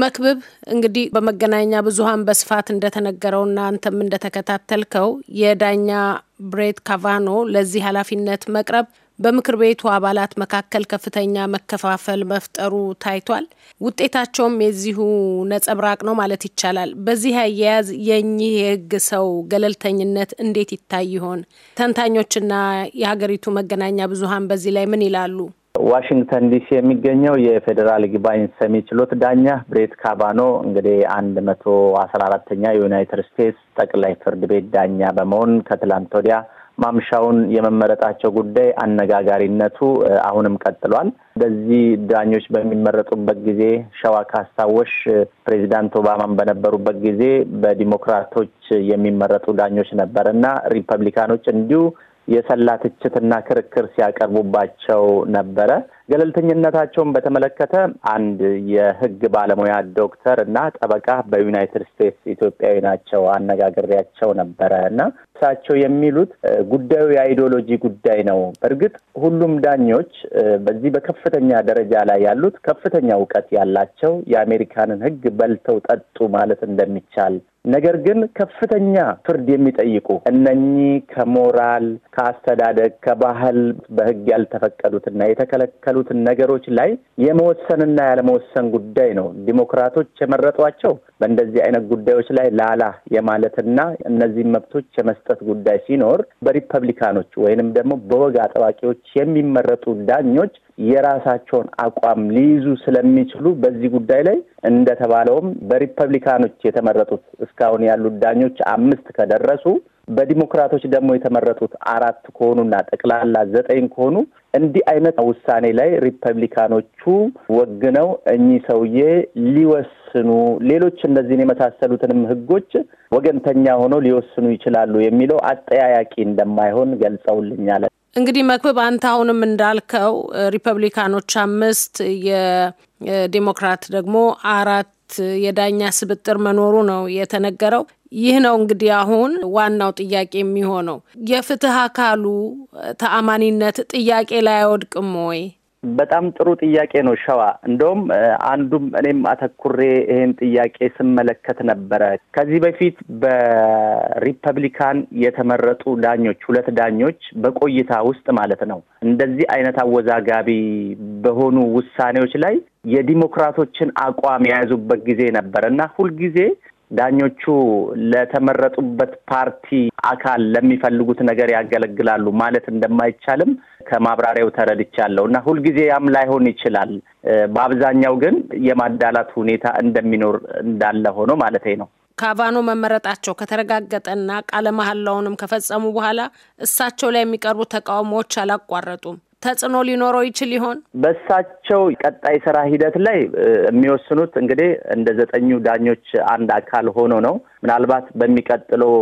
መክብብ እንግዲህ በመገናኛ ብዙኃን በስፋት እንደተነገረውና አንተም እንደተከታተልከው የዳኛ ብሬት ካቫኖ ለዚህ ኃላፊነት መቅረብ በምክር ቤቱ አባላት መካከል ከፍተኛ መከፋፈል መፍጠሩ ታይቷል። ውጤታቸውም የዚሁ ነጸብራቅ ነው ማለት ይቻላል። በዚህ አያያዝ የእኚህ የህግ ሰው ገለልተኝነት እንዴት ይታይ ይሆን? ተንታኞችና የሀገሪቱ መገናኛ ብዙኃን በዚህ ላይ ምን ይላሉ? ዋሽንግተን ዲሲ የሚገኘው የፌዴራል ይግባኝ ሰሚ ችሎት ዳኛ ብሬት ካቫኖ እንግዲህ አንድ መቶ አስራ አራተኛ የዩናይትድ ስቴትስ ጠቅላይ ፍርድ ቤት ዳኛ በመሆን ከትላንት ወዲያ ማምሻውን የመመረጣቸው ጉዳይ አነጋጋሪነቱ አሁንም ቀጥሏል። በዚህ ዳኞች በሚመረጡበት ጊዜ ሸዋ ካስታወሽ ፕሬዚዳንት ኦባማን በነበሩበት ጊዜ በዲሞክራቶች የሚመረጡ ዳኞች ነበር እና ሪፐብሊካኖች እንዲሁ የሰላ ትችትና ክርክር ሲያቀርቡባቸው ነበረ። ገለልተኝነታቸውን በተመለከተ አንድ የሕግ ባለሙያ ዶክተር እና ጠበቃ በዩናይትድ ስቴትስ ኢትዮጵያዊ ናቸው አነጋግሬያቸው ነበረ እና እሳቸው የሚሉት ጉዳዩ የአይዲዮሎጂ ጉዳይ ነው። በእርግጥ ሁሉም ዳኞች በዚህ በከፍተኛ ደረጃ ላይ ያሉት ከፍተኛ እውቀት ያላቸው የአሜሪካንን ሕግ በልተው ጠጡ ማለት እንደሚቻል ነገር ግን ከፍተኛ ፍርድ የሚጠይቁ እነኚህ ከሞራል ከአስተዳደግ፣ ከባህል በህግ ያልተፈቀዱትና የተከለከሉትን ነገሮች ላይ የመወሰንና ያለመወሰን ጉዳይ ነው። ዲሞክራቶች የመረጧቸው በእንደዚህ አይነት ጉዳዮች ላይ ላላ የማለትና እነዚህን መብቶች የመስጠት ጉዳይ ሲኖር በሪፐብሊካኖች ወይንም ደግሞ በወግ አጥባቂዎች የሚመረጡ ዳኞች የራሳቸውን አቋም ሊይዙ ስለሚችሉ በዚህ ጉዳይ ላይ እንደተባለውም በሪፐብሊካኖች የተመረጡት እስካሁን ያሉት ዳኞች አምስት ከደረሱ በዲሞክራቶች ደግሞ የተመረጡት አራት ከሆኑና ጠቅላላ ዘጠኝ ከሆኑ እንዲህ አይነት ውሳኔ ላይ ሪፐብሊካኖቹ ወግነው እኚህ ሰውዬ ሊወስኑ ሌሎች እነዚህን የመሳሰሉትንም ሕጎች ወገንተኛ ሆነው ሊወስኑ ይችላሉ የሚለው አጠያያቂ እንደማይሆን ገልጸውልኛል። እንግዲህ መክብብ አንተ አሁንም እንዳልከው ሪፐብሊካኖች አምስት የዴሞክራት ደግሞ አራት የዳኛ ስብጥር መኖሩ ነው የተነገረው። ይህ ነው እንግዲህ አሁን ዋናው ጥያቄ የሚሆነው የፍትህ አካሉ ተአማኒነት ጥያቄ ላይ አይወድቅም ወይ? በጣም ጥሩ ጥያቄ ነው ሸዋ። እንደውም አንዱም እኔም አተኩሬ ይህን ጥያቄ ስመለከት ነበረ። ከዚህ በፊት በሪፐብሊካን የተመረጡ ዳኞች ሁለት ዳኞች በቆይታ ውስጥ ማለት ነው እንደዚህ አይነት አወዛጋቢ በሆኑ ውሳኔዎች ላይ የዲሞክራቶችን አቋም የያዙበት ጊዜ ነበር እና ሁልጊዜ ዳኞቹ ለተመረጡበት ፓርቲ አካል ለሚፈልጉት ነገር ያገለግላሉ ማለት እንደማይቻልም ከማብራሪያው ተረድቻለሁ እና ያም ላይሆን ይችላል። በአብዛኛው ግን የማዳላት ሁኔታ እንደሚኖር እንዳለ ሆኖ ማለት ነው። ካቫኖ መመረጣቸው ከተረጋገጠና ቃለ መሐላውንም ከፈጸሙ በኋላ እሳቸው ላይ የሚቀርቡ ተቃውሞዎች አላቋረጡም። ተጽዕኖ ሊኖረው ይችል ይሆን? በእሳቸው ቀጣይ ስራ ሂደት ላይ የሚወስኑት እንግዲህ እንደ ዘጠኙ ዳኞች አንድ አካል ሆኖ ነው። ምናልባት በሚቀጥለው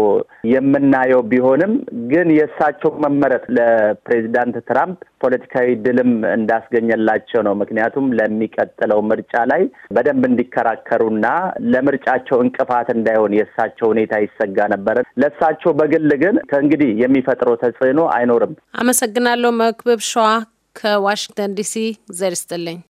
የምናየው ቢሆንም ግን የእሳቸው መመረጥ ለፕሬዚዳንት ትራምፕ ፖለቲካዊ ድልም እንዳስገኘላቸው ነው። ምክንያቱም ለሚቀጥለው ምርጫ ላይ በደንብ እንዲከራከሩና ለምርጫቸው እንቅፋት እንዳይሆን የእሳቸው ሁኔታ ይሰጋ ነበረ። ለእሳቸው በግል ግን ከእንግዲህ የሚፈጥረው ተጽዕኖ አይኖርም። አመሰግናለሁ መክብብ ሸዋ ከዋሽንግተን ዲሲ ዘር ይስጥልኝ።